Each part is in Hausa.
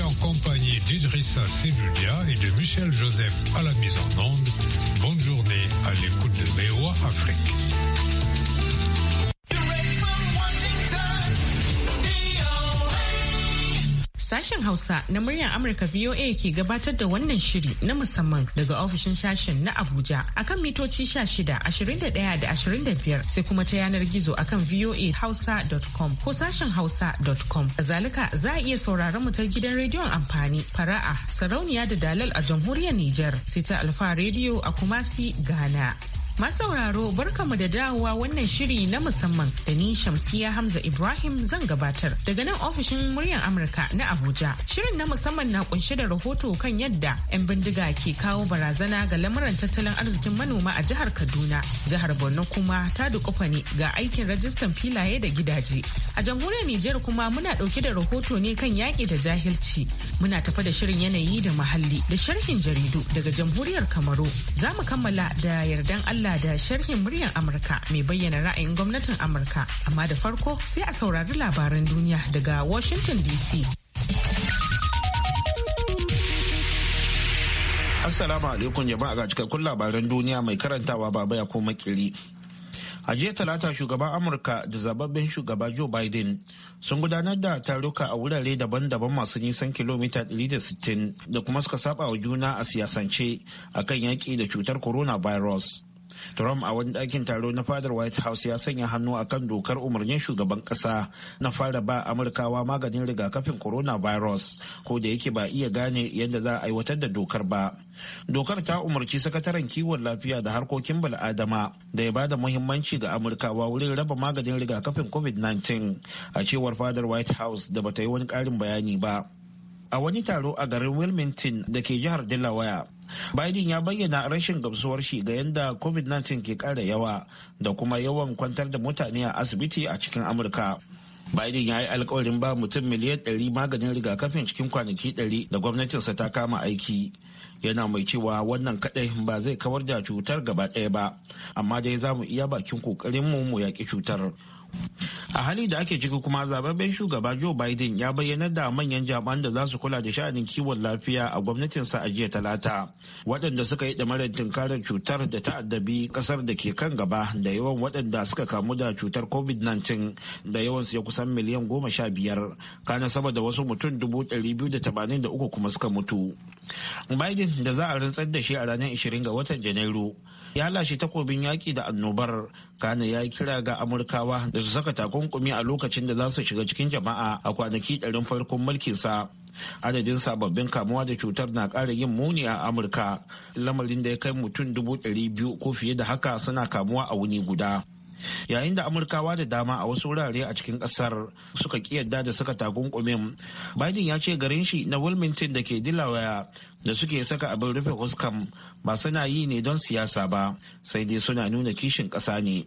en compagnie d'Idrissa Sebulia et de Michel Joseph à la mise en onde. Bonne journée à l'écoute de VOA Afrique. Sashen Hausa na muryar Amurka VOA ke gabatar da wannan shiri na musamman daga ofishin sashen na Abuja akan mitoci 16, 21 da 25 sai kuma ta yanar gizo akan voahausa.com ko sashen hausa.com. zalika za a iya sauraron mu ta gidan rediyon amfani fara'a sarauniya da dalal a jamhuriyar Nijar sai ta Alfa rediyo a Kumasi Ghana. Masauraro barkamu da dawowa wannan shiri na musamman da ni Shamsiya Hamza Ibrahim zan gabatar daga nan ofishin muryar Amurka na Abuja. Shirin na musamman na kunshe da rahoto kan yadda 'yan bindiga ke kawo barazana ga lamuran tattalin arzikin manoma a jihar Kaduna. Jihar Borno kuma ta dukufa ne ga aikin rajistan filaye da gidaje. A jamhuriyar Nijar kuma muna dauke da rahoto ne kan yaƙi da jahilci. Muna tafa da shirin yanayi da muhalli da sharhin jaridu daga jamhuriyar Kamaru. Za mu kammala da yardan Allah da sharhin muryar Amurka mai bayyana ra'ayin gwamnatin Amurka. Amma da farko sai a saurari labaran duniya daga Washington DC. Assalamu alaikum jama'a ga cikakkun labaran duniya mai karantawa baba ya koma kiri. A jiya talata shugaban Amurka da zababben shugaba Joe Biden sun gudanar da taruka a wurare daban-daban masu nisan kilomita 160 da kuma suka saba wa juna a siyasance akan yaƙi da cutar coronavirus. Trump a wani ɗakin taro na fadar White House ya sanya hannu a kan dokar umarnin shugaban ƙasa na fara ba Amurkawa maganin rigakafin coronavirus ko da yake ba iya gane yadda za a aiwatar da dokar ba. Dokar ta umarci sakataren kiwon lafiya da harkokin bal'adama da ya ba da muhimmanci ga Amurkawa wurin raba maganin rigakafin COVID-19 a cewar fadar White House da bata yi wani ƙarin bayani ba. a wani taro a garin wilmington da ke jihar delaware biden ya bayyana rashin gamsuwar shi ga yadda covid-19 ke ƙara yawa da kuma yawan kwantar da mutane a asibiti a cikin amurka Biden ya yi alkawarin ba mutum miliyan ɗari maganin rigakafin cikin kwanaki ɗari, da gwamnatinsa ta kama aiki. Yana mai cewa wannan kadai ba zai kawar da cutar gaba ɗaya ba, amma dai za mu iya bakin mu mu yaƙi cutar. a hali da ake ciki kuma zababben shugaba joe biden ya bayyanar da manyan jaman da za su kula da sha'anin kiwon lafiya a gwamnatinsa a jiya talata waɗanda suka yi ɗamarar tunkarar cutar da ta'addabi ƙasar da ke kan gaba da yawan waɗanda suka kamu da cutar covid-19 da yawan su ya kusan miliyan goma sha biyar kana sama da wasu mutum dubu ɗari biyu da uku kuma suka mutu Biden da za a rantsar da shi a ranar 20 ga watan Janairu ya lashe takobin yaƙi da annobar kane ya kira ga Amurkawa da su saka takunkumi a lokacin da za su shiga cikin jama'a a kwanaki ɗarin farkon mulkinsa. Adadin sababbin kamuwa da cutar na ƙara yin muni a Amurka, lamarin da ya kai mutum dubu ɗari biyu ko fiye da haka suna kamuwa a wuni guda. yayin da amurkawa da dama a wasu wurare a cikin kasar suka kiyarda da saka takunkumin biden ya ce garin shi na wilmington da ke dilawaya da suke saka abin rufe huskam ba suna yi ne don siyasa ba sai dai suna nuna kishin ƙasa ne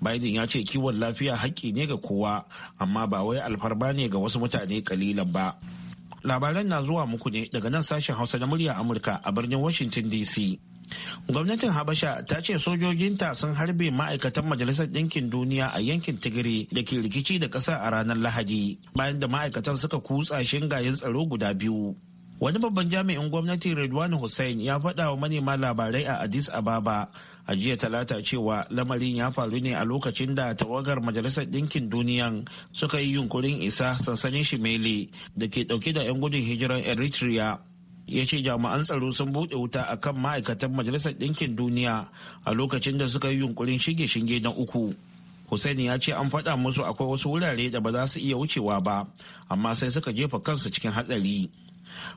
biden ya ce kiwon lafiya haƙƙi ne ga kowa amma ba wai alfarba ne ga wasu mutane kalilan ba labaran na zuwa muku ne daga nan sashen hausa na murya amurka a birnin washington dc gwamnatin habasha ta ce sojojinta sun harbe ma'aikatan majalisar ɗinkin duniya a yankin tigiri da ke rikici da ƙasa a ranar lahadi bayan da ma'aikatan suka kutsa shingayen tsaro guda biyu wani babban jami'in gwamnati Redwani hussein ya faɗa wa manema labarai a addis ababa a jiya talata cewa lamarin ya faru ne a lokacin da tawagar majalisar ɗinkin duniyan suka yi yunkurin isa sansanin shimele da ke ɗauke da 'yan gudun hijirar eritrea ya ce jami'an tsaro sun buɗe wuta a kan ma'aikatan majalisar ɗinkin duniya a lokacin da suka yi yunkurin shige-shinge na uku Hussaini ya ce an faɗa musu akwai wasu wurare da ba za su iya wucewa ba amma sai suka jefa kansu cikin hatsari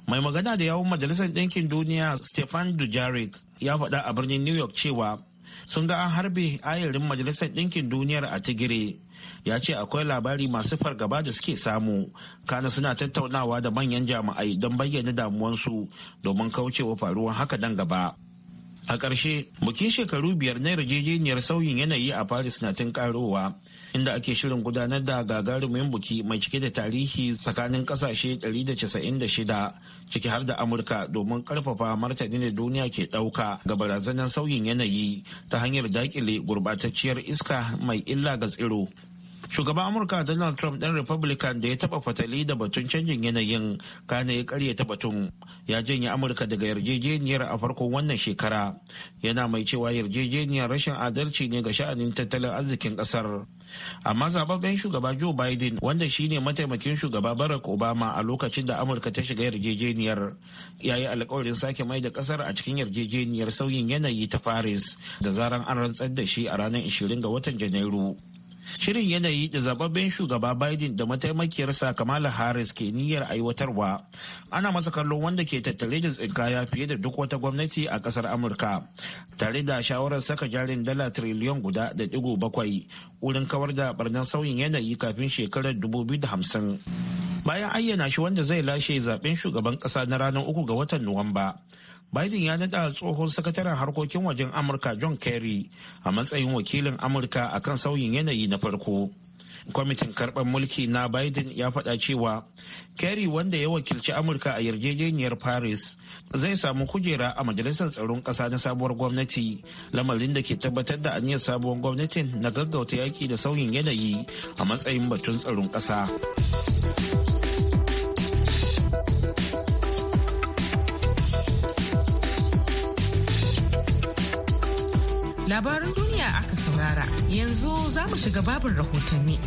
mai magana da yawun majalisar ɗinkin duniya stefan dujaric ya faɗa a birnin new york cewa sun ga an harbe ayarin majalisar ɗinkin duniyar a tigire ya ce akwai labari masu fargaba da suke samu kana suna tattaunawa da manyan jami'ai don bayyana damuwansu domin kaucewa faruwar haka nan gaba a ƙarshe bikin shekaru biyar na yarjejeniyar sauyin yanayi a paris na tun karowa inda ake shirin gudanar da gagarumin buki mai cike da tarihi tsakanin ƙasashe 196 ciki har da amurka domin ƙarfafa martani da duniya ke ɗauka ga barazanar sauyin yanayi ta hanyar daƙile gurbatacciyar iska mai illa ga tsiro shugaban amurka donald trump ɗan republican da ya taɓa fatali da batun canjin yanayin kane ya ta batun ya janye amurka daga yarjejeniyar a farkon wannan shekara yana mai cewa yarjejeniyar rashin adalci ne ga sha'anin tattalin arzikin ƙasar amma zababben shugaba joe biden wanda shine mataimakin shugaba barack obama a lokacin da amurka ta shiga yarjejeniyar ya yi alkawarin sake mai da ƙasar a cikin yarjejeniyar sauyin yanayi ta paris da zaran an rantsar da shi a ranar 20 ga watan janairu Shirin yanayi da zababben shugaba Biden da mataimakiyarsa Kamala Harris ke niyyar aiwatarwa ana masa kallon wanda ke tattare da tsinkaya fiye da duk wata gwamnati a kasar Amurka tare da shawarar saka jarin dala triliyon guda da digo bakwai wurin kawar da barnan sauyin yanayi kafin shekarar dubu biyu da hamsin. Bayan ayyana shi wanda zai lashe zaben shugaban kasa na ranar uku ga watan Nuwamba. Biden ya nada tsohon sakataren harkokin wajen Amurka John Kerry a matsayin wakilin Amurka a kan sauyin yanayi na farko. Kwamitin karɓar mulki na Biden ya faɗa cewa Kerry wanda ya wakilci Amurka a yarjejeniyar Paris zai samu kujera a Majalisar Tsaron Ƙasa na sabuwar gwamnati, lamarin da ke tabbatar da aniyar sabuwar gwamnatin na gaggauta yaƙi da sauyin yanayi a matsayin batun tsaron ƙasa. Labaran duniya aka saurara yanzu za mu shiga babin rahotanni.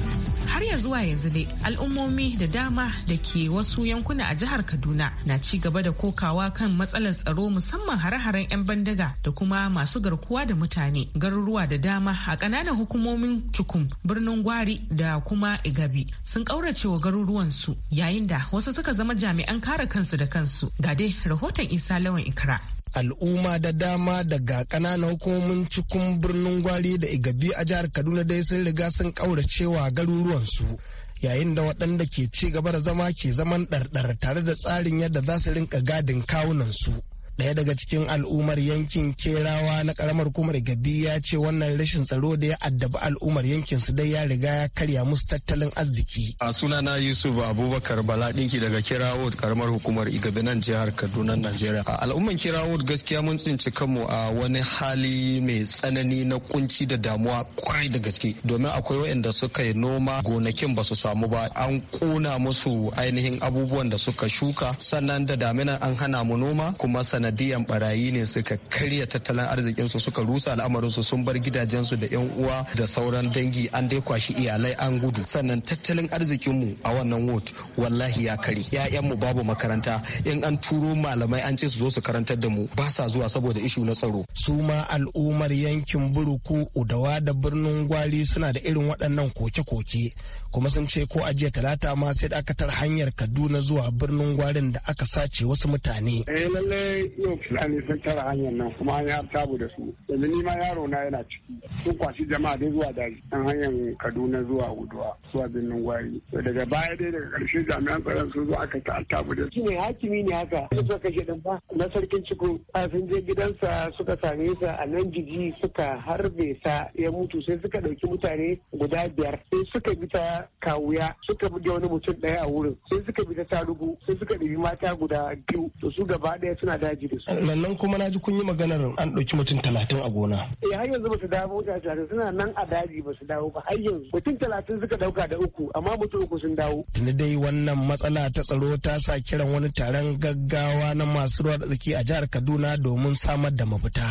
har ya zuwa yanzu dai al'ummomi da dama da ke wasu yankuna a jihar kaduna na ci gaba da kokawa kan matsalar tsaro musamman hare-haren 'yan bandaga da kuma masu garkuwa da mutane garuruwa da dama a ƙananan hukumomin cukum birnin gwari da kuma igabi sun ƙauracewa garuruwansu yayin da wasu suka zama jami'an kare kansu da kansu ga dai rahoton isa lawan ikra al'umma da dama daga kananan hukumomin cikin birnin gwari da igabi a jihar kaduna dai sun riga sun ƙauracewa garuruwansu yayin da waɗanda ke ci gaba da zama ke zaman ɗarɗar tare da tsarin yadda za su rinka gadin kawunansu Daya daga cikin al'ummar yankin Kerawa na karamar hukumar Gabi ya ce wannan rashin tsaro da ya addabi al'ummar yankin su dai ya riga ya karya musu tattalin arziki. A suna na Yusuf Abubakar Bala dinki daga Kerawo karamar hukumar igabe nan jihar Kaduna Najeriya. Al'umman kerawa gaskiya mun tsinci kanmu a wani hali mai tsanani na kunci da damuwa kwarai da gaske domin akwai waɗanda suka yi noma gonakin ba su samu ba an kona musu ainihin abubuwan da suka shuka sannan da damina an hana mu noma kuma sannan sanadiyan barayi ne suka karya tattalin arzikinsu suka rusa al'amarinsu sun bar gidajensu da yan uwa da sauran dangi an dai kwashi iyalai an gudu sannan tattalin arzikinmu a wannan ward wallahi ya kare ya'yanmu babu makaranta in an turo malamai an ce su zo su karantar da mu ba sa zuwa saboda ishu na tsaro su ma al'ummar yankin buruku udawa da birnin gwari suna da irin waɗannan koke-koke kuma sun ce ko a jiya talata ma sai da aka tar hanyar kaduna zuwa birnin gwarin da aka sace wasu mutane eh lallai yau fulani sun tara hanyar nan kuma an yi tabu da su yanzu ni ma yaro na yana ciki sun kwashi jama'a dai zuwa daji kan hanyar kaduna zuwa guduwa zuwa birnin gwari daga baya dai daga karshe jami'an tsaron sun zo aka ta tabu da su ne hakimi ne haka sun suka kashe dan ba na sarkin ciko sun je gidansa suka same sa a nan jiji suka harbe sa ya mutu sai suka ɗauki mutane guda biyar sai suka bi ta kawuya suka buge wani mutum ɗaya a wurin sai suka bi ta tarugu sai suka ɗibi mata guda biyu to su gaba ɗaya suna daji ji da su. Sannan kuma na ji kun yi maganar an ɗauki mutum talatin a gona. Eh har yanzu ba su dawo da talatin suna nan a daji ba su dawo ba har yanzu mutum talatin suka ɗauka da uku amma mutum uku sun dawo. Tuni dai wannan matsala ta tsaro ta sa kiran wani taron gaggawa na masu ruwa da tsaki a jihar Kaduna domin samar da mafita.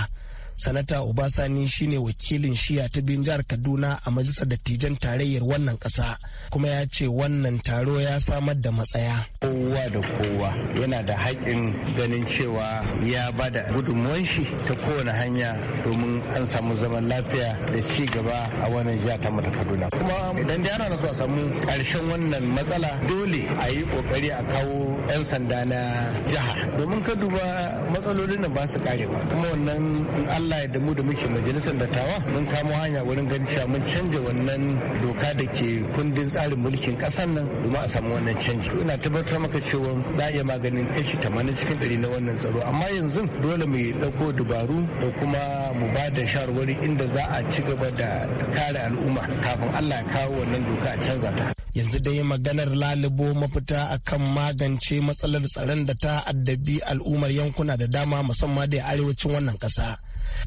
sanata obasani shine wakilin shiya ta biyun jihar kaduna a majalisar dattijan tarayyar wannan kasa kuma ya ce wannan taro ya samar da matsaya kowa da kowa yana da haƙƙin ganin cewa ya ba da gudunmuwan shi ta kowane hanya domin an samu zaman lafiya da ci gaba a wannan jiha ta mata kaduna kuma idan da ana so a samu karshen wannan matsala dole a yi ƙoƙari a kawo 'yan sanda na jiha domin ka duba matsalolin da ba su kare ba kuma wannan allah Allah ya mu da muke majalisar dattawa mun kamo hanya wurin ganin cewa mun canja wannan doka da ke kundin tsarin mulkin ƙasar nan domin a samu wannan canji. Ina tabbatar maka cewa za a iya maganin kashi tamanin cikin 100 na wannan tsaro amma yanzu dole mu ɗauko dubaru da kuma mu ba da shawarwari inda za a ci gaba da kare al'umma kafin Allah ya kawo wannan doka a canza ta. yanzu dai maganar lalubo mafita akan magance matsalar tsaron da ta addabi al'ummar yankuna da dama musamman da arewacin wannan ƙasa.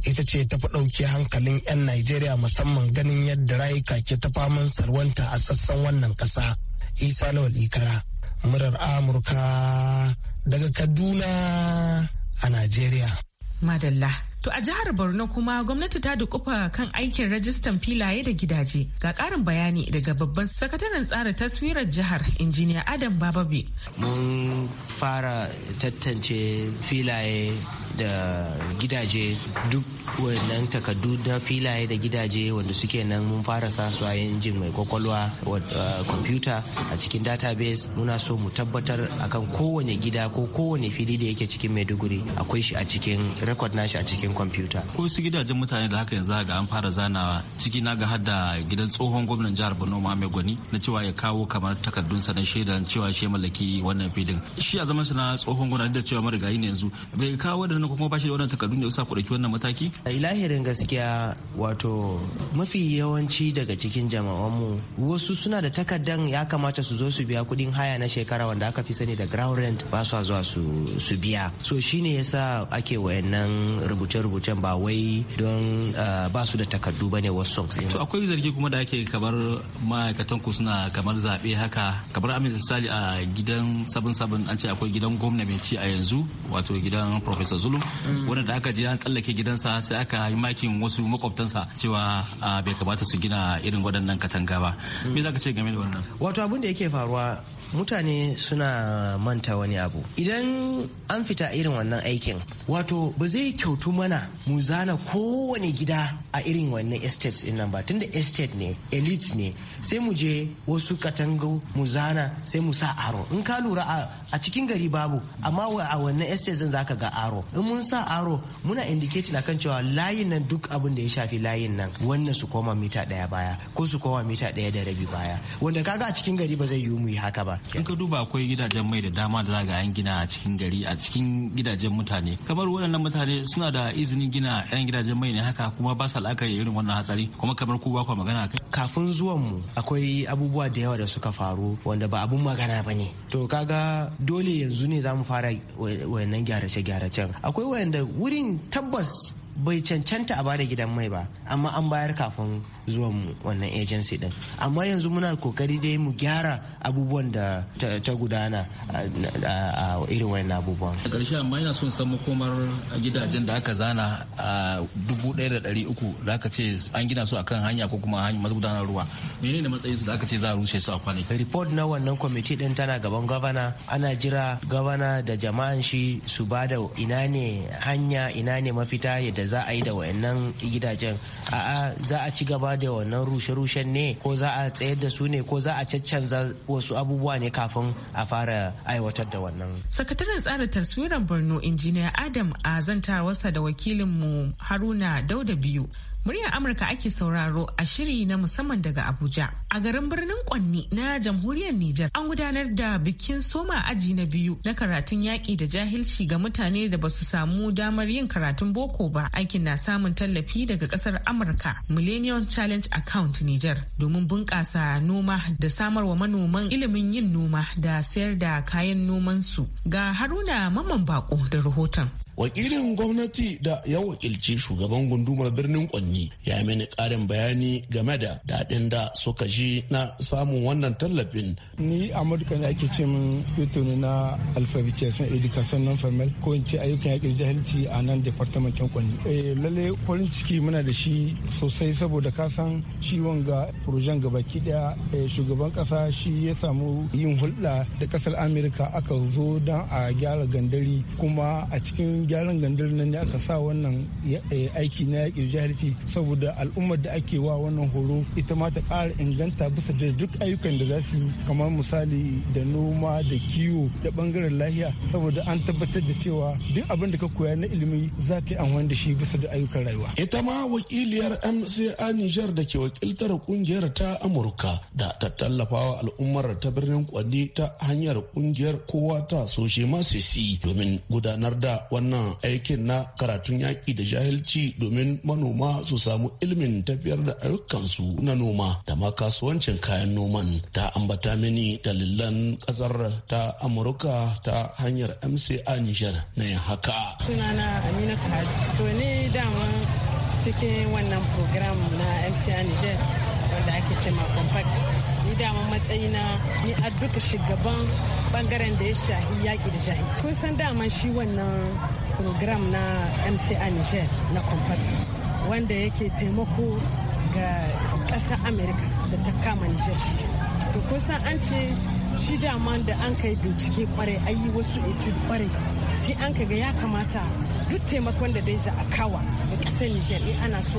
ita ce ta fi ɗauki hankalin 'yan Najeriya musamman ganin yadda rayuka ke ta faman sarwanta a sassan wannan ƙasa. Isa Lawal Ikara, murar Amurka daga Kaduna a Najeriya. Madalla. To a jihar Borno kuma gwamnati ta dukufa kan aikin rajistan filaye da gidaje. Ga karin bayani daga babban sakataren tsara taswirar jihar injiniya Adam Bababe. Mun fara tattance filaye da gidaje duk wannan takardu na filaye da gidaje wanda suke nan mun fara sa su a injin mai kwakwalwa eh, kwamfuta a cikin database muna so mu tabbatar akan kowane gida ko kowane fili da yake cikin maiduguri akwai shi a cikin rekod nashi a cikin kwamfuta ko su gidajen mutane da haka yanzu ga an fara zanawa ciki na ga hada gidan tsohon gwamnan jihar borno mai gwani na cewa ya kawo kamar sa na shaidan cewa shi mallaki wannan filin shi a zaman na tsohon gwamnati da cewa marigayi ne yanzu bai kawo nan kuma ba shi da wannan takardu ne ya sa ku dauki wannan mataki ilahirin gaskiya wato mafi yawanci daga cikin jama'anmu wasu suna da takardan ya kamata su zo su biya kudin haya na shekara wanda aka fi sani da ground rent ba su zuwa su biya so shine yasa ake wayannan rubuce-rubucen ba wai don ba su da takardu bane wasu to akwai zargi kuma da ake kamar ma'aikatan ku suna kamar zaɓe haka kamar amin misali a gidan sabon sabon an ce akwai gidan gwamna a yanzu wato gidan professor zulu mm. wanda da aka je an tsallake gidansa sai aka yi makin wasu makwabtansa cewa bai kamata su gina irin waɗannan katanga ba me za ka ce game da wannan wato abin da yake faruwa mutane suna manta wani abu idan an fita irin wannan aikin wato ba zai kyautu mana mu zana kowane gida a irin wannan estates din nan ba tunda estate ne elite ne sai mu je wasu katangu mu zana sai mu sa aro in ka lura a cikin gari babu amma a wannan estate zan zaka ga aro in mun sa aro muna indicating akan cewa layin nan duk abin da ya shafi layin nan wannan su koma mita daya baya ko su koma mita daya da rabi baya wanda kaga a cikin gari ba zai yiwu mu haka ba in ka duba akwai gidajen mai da dama da zaga an gina a cikin gari a cikin gidajen mutane kamar waɗannan mutane suna da izinin gina yan gidajen mai ne haka kuma ba sa la'akari irin wannan hatsari kuma kamar ku ba ku magana kai kafin zuwan mu akwai abubuwa da yawa da suka faru wanda ba abun magana ba ne to kaga dole yanzu ne za mu fara wayannan gyarace-gyaracen akwai wayanda wurin tabbas bai cancanta a bada gidan mai ba amma an bayar kafin mu wannan agency din amma yanzu muna kokari dai mu gyara abubuwan da ta gudana a irin wayan abubuwan a ƙarshe amma yana son san makomar gidajen da aka zana a dubu ɗaya da ɗari uku da aka ce an gina su akan hanya ko kuma hanyar magudanar ruwa menene matsayin su da aka ce za a rushe su a kwanaki report na wannan kwamiti din tana gaban gwamna ana jira gwamna da jama'an shi su ba da ina ne hanya ina ne mafita yadda za a yi da wayannan gidajen a'a za a ci gaba da wannan rushe-rushen ne ko za a tsayar da su ne ko za a caccanza wasu abubuwa ne kafin a fara aiwatar da wannan. Sakataren tsarin taswirar Borno injiniya Adam a zantawarsa da wakilinmu Haruna Dauda biyu Muryar Amurka ake sauraro a shiri na musamman daga Abuja. A garin birnin Kwanni na jamhuriyar Nijar an gudanar da bikin soma aji na biyu na karatun yaƙi da jahilci ga mutane da basu samu damar yin karatun boko ba. Aikin na samun tallafi daga ƙasar Amurka Millennium Challenge Account Nijar domin bunƙasa noma da samar wa manoman ilimin yin noma da sayar da kayan nomansu. Ga Haruna Mamman Bako da rahoton. wakilin gwamnati da ya wakilci shugaban gundumar birnin kwanni ya mini karin bayani game da daɗin da suka ji na samun wannan tallafin ni a maduka ne ake ce min ne na alfabication education non formal ko in ce ayyukan yaƙi jahilci a nan departamentin kwanni e lalle farin ciki muna da shi sosai saboda ka san shi wanga projen gabaki daya eh, shugaban kasa shi ya samu yin hulɗa da kasar amurka aka zo don a gyara gandari kuma a cikin gyaran gandar nan ne aka sa wannan eh, aiki na yaƙi jahilci saboda al'ummar da ake wa wannan horo ita ma ta ƙara inganta bisa da duk ayyukan da za su yi kamar misali da noma da kiwo da ɓangaren lahiya saboda an tabbatar da cewa duk abin da ka koya na ilimi za ka yi amfani da shi bisa da ayyukan rayuwa. ita ma wakiliyar mca niger da ke wakiltar kungiyar ta amurka da ta tallafawa al'ummar ta birnin kwanne ta hanyar kungiyar kowa ta soshe masisi domin gudanar da wannan wannan aikin na karatun yaƙi da jahilci domin manoma su samu ilimin tafiyar da ayyukansu na noma da ma kasuwancin kayan noman ta ambata mini dalilan ƙasar ta amurka ta hanyar mca nijar na yin haka sunana amina to dama cikin wannan program na mca nijar wanda ake ce ma compact dama daman matsayina ni a duka shugaban bangaren da ya shahi yaƙi da shahi kun san daman shi wannan program na mca niger na compact wanda yake taimako ga ƙasar america da ta kama niger shi to kun san an ce shi daman da an kai bincike kwarai ayi wasu etude kwarai sai an ga ya kamata duk taimakon da dai za a kawa ga ƙasar niger ana so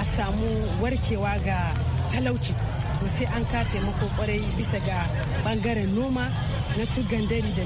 a samu warkewa ga talauci to sai an ka taimako kwarai bisa ga bangaren noma na su gandari da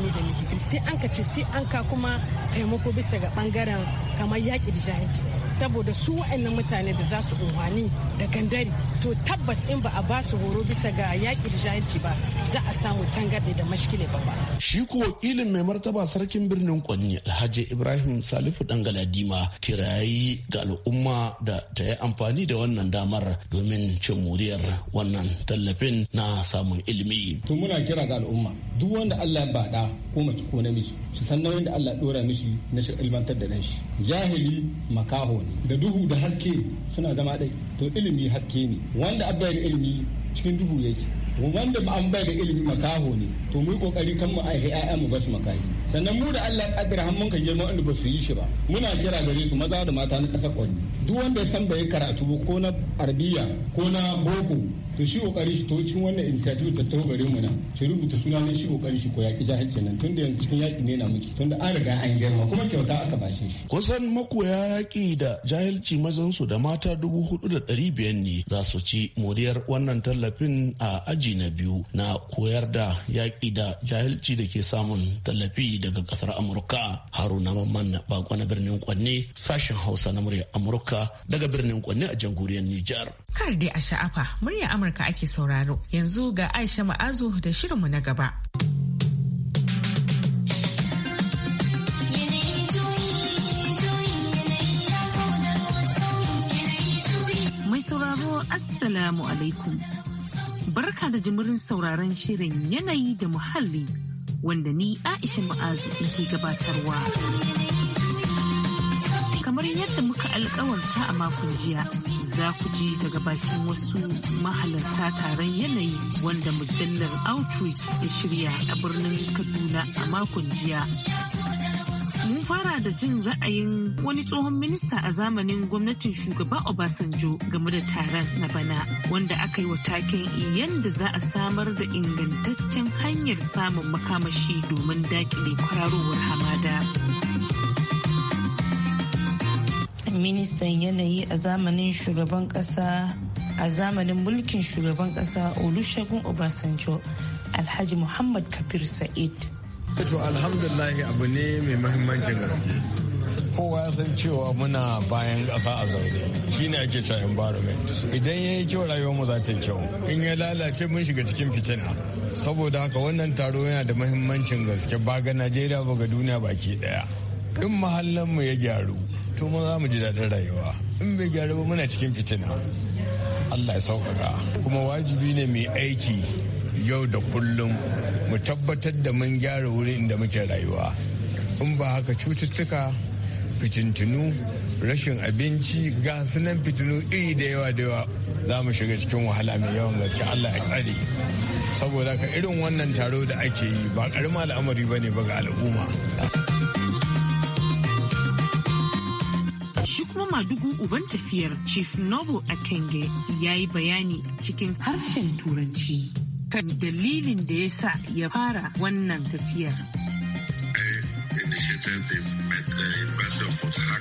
da sai an ka ce sai an ka kuma taimako bisa ga bangaren kamar yaƙi da jahilci saboda su wa'annan mutane da za su unhwani da gandari to tabbat in ba a ba su horo bisa ga yaƙi da jahilci ba za a samu tangarɗe da mashkile ba shi ko ilin mai martaba sarkin birnin kwanni alhaji ibrahim salifu dan galadima kirayi ga al'umma da ta yi amfani da wannan damar domin cin muriyar wannan tallafin na samun ilimi. to muna kira ga al'umma duk wanda Allah ya bada ko mace ko namiji su san nauyin da Allah dora mishi na shi ilmantar da shi jahili makaho ne da duhu da haske suna zama dai to ilimi haske ne wanda abba da ilimi cikin duhu yake wanda an bai da ilimi makaho ne to mu kokari kan mu ai ƴaƴan mu basu makahi sannan mu da Allah kadir mun kan mu ba su yi shi ba muna kira gare su maza da mata na kasa kwani duk wanda ya san bai karatu ko na arbiya ko na boko to shi kokari shi to cikin wannan initiative ta taho gare mu nan shi rubuta suna ne shi kokari shi ko yaki jahilci nan tunda yanzu cikin yaki ne na muke tunda an riga an girma kuma kyauta aka bashe shi kusan makoya yaki da jahilci mazan su da mata dubu hudu da ɗari biyar ne za su ci moriyar wannan tallafin a aji na biyu na koyar da yaki da jahilci da ke samun tallafi daga kasar amurka haruna mamman bakon na birnin kwanne sashen hausa na murya amurka daga birnin kwanne a jamhuriyar nijar kar dai a sha'afa murya amurka Amurka ake sauraro. Yanzu ga Aisha Ma'azu da shirinmu na gaba. Mai sauraro Assalamu alaikum. Barka da jimirin sauraron shirin yanayi da muhalli wanda ni Aisha Ma'azu ke gabatarwa. Kamar yadda muka alkawarta a makon jiya. za ku ji daga bakin wasu mahalarta taron yanayi wanda mujallar outreach ya shirya a birnin kaduna a makon jiya mun fara da jin ra'ayin wani tsohon minista a zamanin gwamnatin shugaba obasanjo game da taron na bana wanda aka yi wa taken yadda za a samar da ingantaccen hanyar samun makamashi domin dakile kwararowar hamada ministan yanayi a zamanin shugaban kasa a zamanin mulkin shugaban kasa olusegun obasanjo alhaji muhammad kabir sa'id to alhamdulahi abu ne mai mahimmancin gaske kowa ya san cewa muna bayan ƙasa a zaune shine ake cewa environment idan ya yi kyau rayuwar mu za ta kyau in ya lalace mun shiga cikin fitina saboda haka wannan taro yana da mahimmancin gaske ba ga najeriya ba ga duniya baki daya in mahallin mu ya gyaru to mu za mu ji daɗin rayuwa in bai gyara ba muna cikin fitina allah ya sauƙaƙa kuma wajibi ne mai aiki yau da kullum mu tabbatar da mun gyara wurin inda muke rayuwa in ba haka cututtuka fitintinu rashin abinci ga sunan fitinu iri da yawa da yawa za mu shiga cikin wahala mai yawan gaske allah ya tsare saboda ka irin wannan taro da ake yi ba ƙaramin al'amari ba ne ba ga al'umma dubu uban tafiyar Chief Noble Akenge ya yi bayani cikin harshen Turanci kan dalilin da ya sa ya fara wannan tafiyar.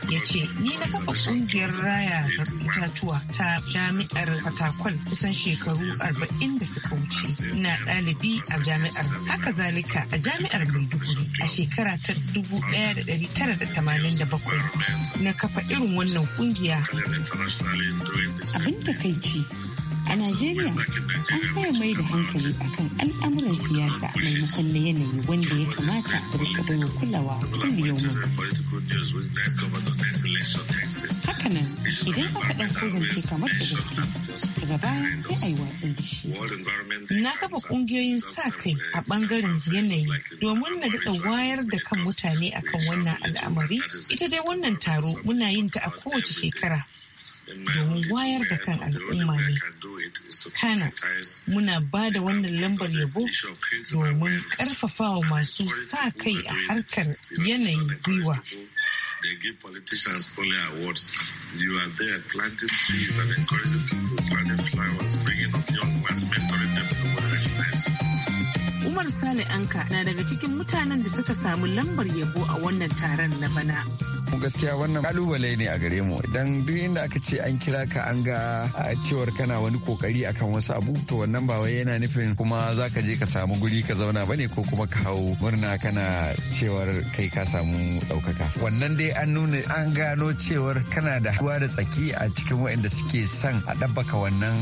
ya ce ni na kafa kungiyar raya da itatuwa ta jami'ar fatakwal kusan shekaru arba'in da suka wuce na ɗalibi a jami'ar haka zalika a jami'ar maiduguri a shekara ta 1987 na kafa irin wannan kungiya abin takaici A Najeriya, an fara mai da hankali a kan al'amuran siyasa maimakon na yanayi wanda ya kamata a rika baiwa kulawa kulliyomin. Hakanan, idan aka ɗauko zance kamar da gaske, daga baya sai a yi watsin da shi. Na kafa ƙungiyoyin sa kai a ɓangaren yanayi domin na daɗa wayar da kan mutane akan wannan al'amari. Ita dai wannan taro muna yin ta a kowace shekara. domin wayar da kan al'umma ne. Kana muna ba da wannan lambar yabo domin ƙarfafawa masu sa kai a harkar yanayi gwiwa. They give politicians only awards. You are there planting trees and encouraging people, to plant flowers, bringing up young ones, mentoring them to recognize you. Umar Sale Anka na daga cikin mutanen da suka samu lambar yabo a wannan taron na bana. gaskiya wannan kalubale ne a gare mu idan duk inda aka ce an kira ka an ga cewar kana wani kokari akan wasu abu to wannan ba wai yana nufin kuma za ka je ka samu guri ka zauna ba ne ko kuma ka hau murna kana cewar kai ka samu daukaka wannan dai an nuna an gano cewar kana da ruwa da tsaki a cikin waɗanda suke son a ɗabbaka wannan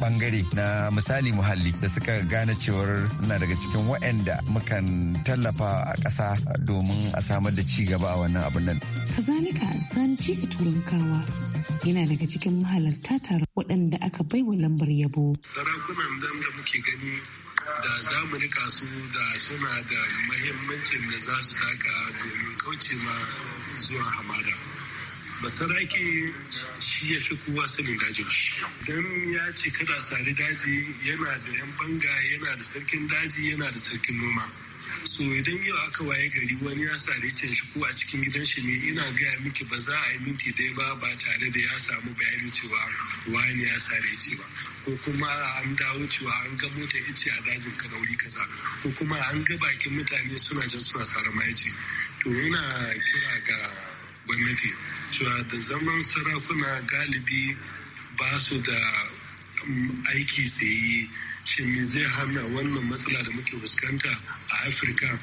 bangare na misali muhalli da suka gane cewar na daga cikin cikin waɗanda mukan tallafa a ƙasa domin a samar da ci gaba a wannan abin nan. Kazalika ci Cika Turankawa yana daga cikin mahalarta taron waɗanda aka baiwa lambar yabo. Sarakunan da muke gani da zamani kasu da suna da mahimmancin da za su taka domin kaucewa zuwa hamada basarake shi ya fi kowa sanin dajin shi don ya ce kada sari daji yana da yan banga yana da sarkin daji yana da sarkin noma so idan yau aka waye gari wani ya sari can shi ko a cikin gidan shi ne ina gaya miki ba za a yi minti dai ba ba tare da ya samu bayani cewa wani ya sare ce ba ko kuma an dawo cewa an ga mota ice a dajin kanauri kaza ko kuma an ga bakin mutane suna jan suna sare to yana kira ga gwamnati cewa da zaman sarakuna galibi ba su da mm, aiki tsaye shi me zai hana wannan matsala da muke fuskanta a afirka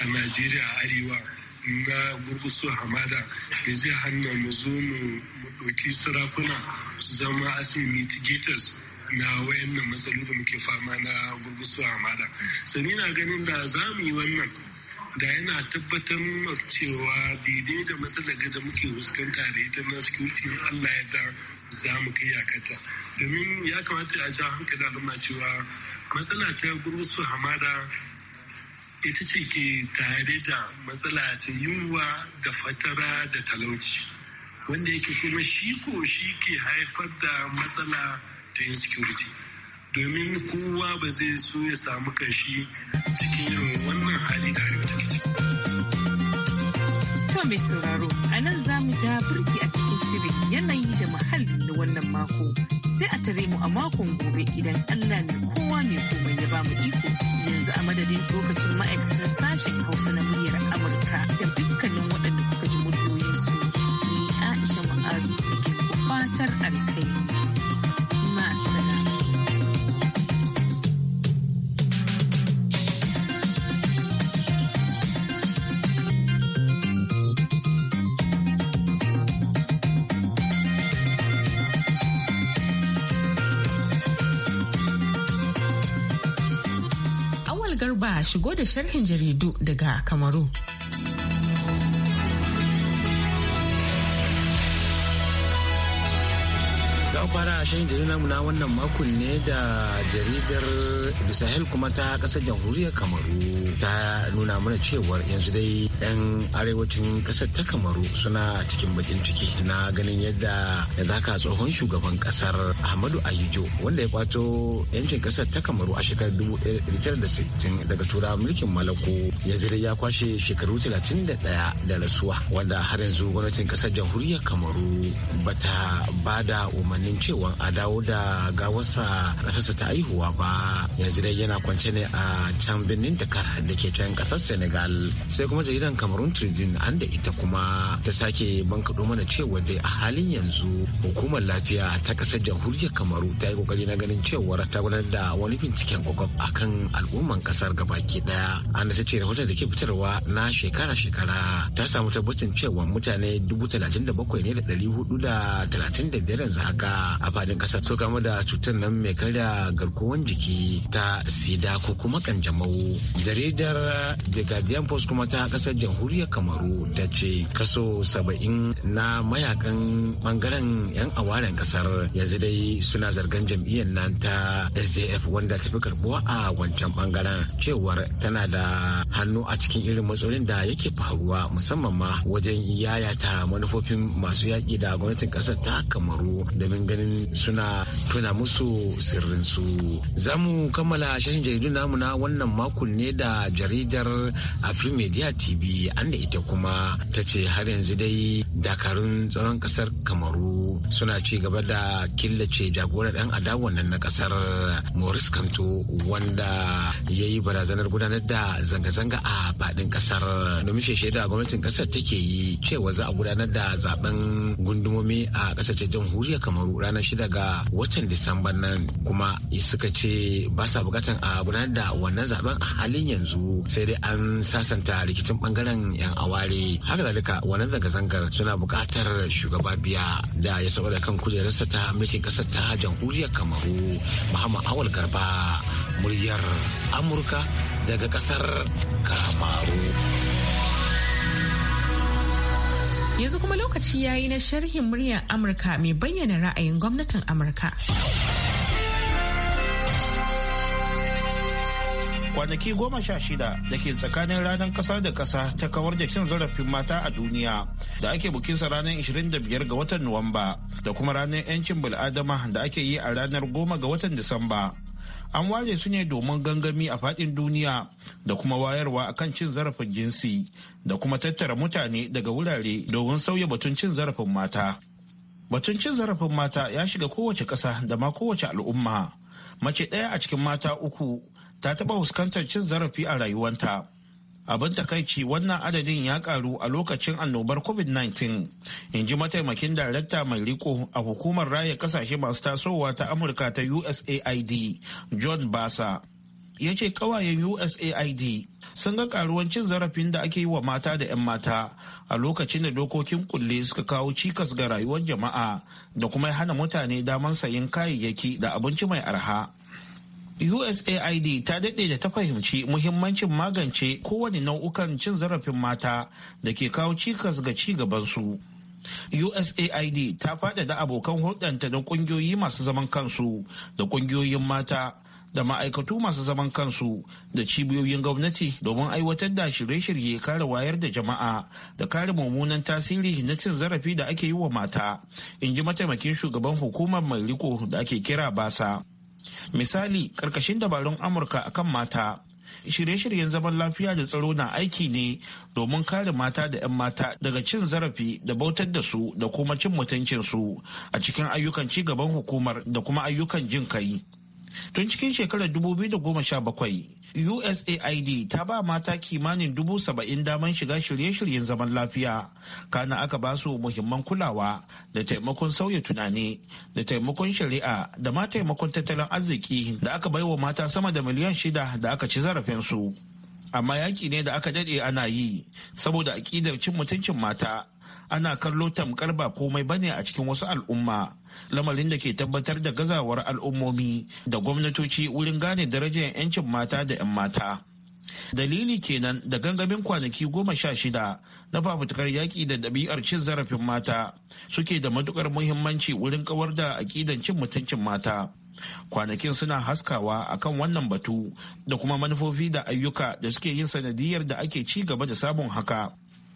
a najeriya a arewa na gurgusu hamada me zai hana mu zo mu ɗauki sarakuna su zama asin mitigators na wayannan matsalolin da muke fama na gurgusu hamada sani na ganin da za mu yi wannan da yana tabbatar cewa daidai da matsalar da muke fuskanta da ita na security Allah ya da za mu kai yakata domin ya kamata a ja hankali al'umma cewa matsala ta gurusu hamada ita ce ke tare da matsala ta yiwuwa da fatara da talauci wanda yake kuma shi ko shi ke haifar da matsala ta insecurity. domin kowa ba zai so ya samu kashi cikin irin wannan hali da arewa take ciki. To mai sauraro a nan za mu ja birki a cikin shirin yanayi da muhalli na wannan mako sai a tare mu a makon gobe idan Allah ne kowa mai komai ya ba mu iko yanzu a madadin lokacin ma'aikatan sashen hausa na muryar Amurka da dukkanin waɗanda kuka ji muryoyinsu ni Aisha Mu'azu da ke fatar alkai. a shigo da sharhin jaridu daga Kamaru. za mu a shayin da na wannan makon ne da jaridar du sahel kuma ta kasar jamhuriyar kamaru ta nuna mana cewar yanzu dai 'yan arewacin kasar ta kamaru suna cikin bakin ciki na ganin yadda yanzu zaka tsohon shugaban kasar ahmadu ayijo wanda ya kwato yancin kasar ta kamaru a shekarar 1960 daga tura mulkin malako ya zira ya kwashe shekaru 31 da rasuwa wanda har yanzu gwamnatin kasar jamhuriyar kamaru bata bada umarni ganin cewa a dawo da gawarsa ƙasarsa ta aihuwa ba yanzu dai yana kwance ne a can birnin dakar da ke can ƙasar senegal sai kuma jaridan cameroon tribune an da ita kuma ta sake bankaɗo mana cewa dai a halin yanzu hukumar lafiya ta ƙasar jamhuriyar kamaru ta yi ƙoƙari na ganin cewa ta gudanar da wani binciken kwakwaf kan al'umman ƙasar gabaki ɗaya an da ta ce rahoton da ke fitarwa na shekara-shekara ta samu tabbacin cewa mutane dubu talatin da bakwai ne da ɗari hudu da talatin da biyar yanzu haka a fadin kasa to game da cutar nan mai karya garkuwan jiki ta sida ko kuma kanjamau jaridar the guardian post kuma ta kasar jamhuriyar kamaru ta ce kaso saba'in na mayakan bangaren yan awaren kasar yanzu dai suna zargan jam'iyyar nan ta sdf wanda ta fi karbuwa a wancan bangaren cewar tana da hannu a cikin irin matsalolin da yake faruwa musamman ma wajen yaya ta manufofin masu yaƙi da gwamnatin kasar ta kamaru domin ganin suna tuna musu sirrinsu. Za mu kammala shirin jaridu namu na wannan makon ne da jaridar Media TV an da ita kuma ta ce har yanzu dai dakarun tsaron kasar Kamaru suna ci gaba da killace jagorar 'yan adawa nan na kasar Morris Kanto wanda ya yi barazanar gudanar da zanga-zanga a faɗin kasar domin da gwamnatin kasar take yi cewa za a gudanar da zaben gundumomi a kasar jamhuriyar Kamaru ranar shida ga watan Disamban nan kuma suka ce ba sa bukatan a gudanar da wannan zaben a halin yanzu sai dai an sasanta rikicin bangaren yan aware haka zalika wannan zanga-zangar suna bukatar shugaba biya da ya saboda kan kujerarsa ta mulkin kasar ta jamhuriyar kamaru muhammad awal garba muryar amurka daga kasar kamaru. Yanzu kuma lokaci ya yi na sharhin muryar Amurka mai bayyana ra'ayin gwamnatin Amurka. Kwanaki goma sha shida da ke tsakanin ranar ƙasa da kasa ta kawar da cin zarafin mata a duniya da ake bukinsa ranar 25 ga watan Nuwamba da kuma ranar 'yancin bil'adama da ake yi a ranar 10 ga watan Disamba. an ware su ne domin gangami a faɗin duniya da kuma wayarwa a kan cin zarafin jinsi da kuma tattara mutane daga wurare domin sauya batun cin zarafin mata. Batun cin zarafin mata ya shiga kowace ƙasa da ma kowace al'umma. Mace ɗaya a cikin mata uku ta taɓa fuskantar cin zarafi a rayuwanta abin takaici wannan adadin ya karu a lokacin annobar covid-19 in ji mataimakin darakta mai riko a hukumar raya kasashe masu tasowa ta amurka ta usaid john basa ya ce kawayen usaid sun ga karuwan cin zarafin da ake yi wa mata da 'yan mata a lokacin da dokokin kulle suka kawo cikas ga rayuwar jama'a da kuma hana mutane damar sayen kayayyaki da abinci mai arha USAID ta daɗe da ta fahimci muhimmancin magance kowane nau'ukan cin zarafin mata da ke kawo cikas ga ci gabansu. USAID ta faɗaɗa abokan hulɗanta da ƙungiyoyi masu zaman kansu da ƙungiyoyin mata da ma'aikatu masu zaman kansu da cibiyoyin gwamnati domin aiwatar da shirye-shirye kare wayar da jama'a da kare mummunan tasiri na cin zarafi da ake yi wa mata in ji mataimakin shugaban hukumar mai riko da ake kira basa Misali, karkashin dabarun Amurka akan mata, shirye-shiryen zaman lafiya da tsaro na aiki ne domin kare mata da 'yan mata daga cin zarafi da bautar da su da kuma cin mutuncinsu a cikin ayyukan ci gaban hukumar da kuma ayyukan jin kai. Tun cikin shekarar 2017 USAID ta ba mata kimanin dubu saba'in daman shiga shirye-shiryen zaman lafiya, kana aka ba su muhimman kulawa da taimakon sauya tunani, da taimakon shari'a da ma taimakon tattalin arziki da aka baiwa mata sama da miliyan shida da aka ci zarafinsu. Amma yaƙi ne da aka daɗe ana yi, saboda aƙidar cin mutuncin mata ana kallo tamkar ba komai bane a cikin wasu al'umma lamarin da ke tabbatar da gazawar al'ummomi da gwamnatoci wurin gane darajar 'yancin mata da 'yan mata dalili kenan da gangamin kwanaki goma sha shida na fafutukar yaƙi da ɗabi'ar cin zarafin mata suke da matukar muhimmanci wurin kawar da aƙidan cin mutuncin mata kwanakin suna haskawa akan wannan batu da kuma manufofi da ayyuka da suke yin sanadiyar da ake ci gaba da samun haka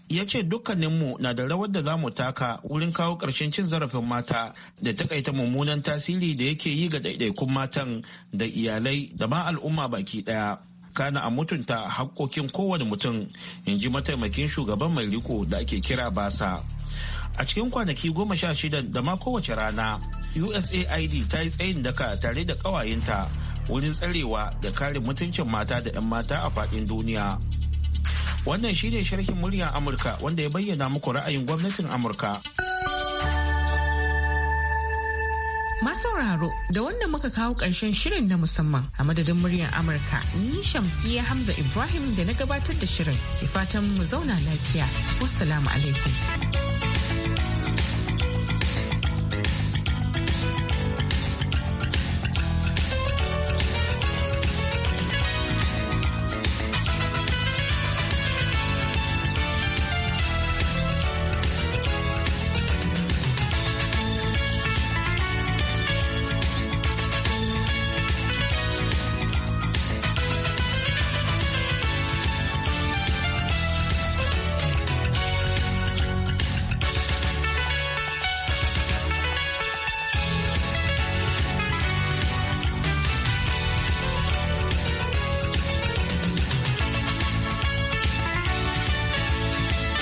ya ce dukkaninmu na da rawar da zamu taka wurin kawo ƙarshen cin zarafin mata da takaita mummunan tasiri da yake yi ga ɗaiɗaikun matan da iyalai da ma al'umma baki ɗaya kana a mutunta haƙƙoƙin kowane mutum in ji mataimakin shugaban mai riko da ake kira basa a cikin kwanaki goma sha shida da ma kowace rana usaid ta yi tsayin daka tare da ƙawayenta wurin tsarewa da kare mutuncin mata da 'yan mata a faɗin duniya Wannan shi ne sharhin muryar Amurka wanda ya bayyana muku ra'ayin gwamnatin Amurka. sauraro da wannan muka kawo ƙarshen shirin na musamman a madadin muryar amurka ni shamsiya hamza ibrahim da na gabatar da shirin ke fatan mu zauna lafiya wassalamu alaikum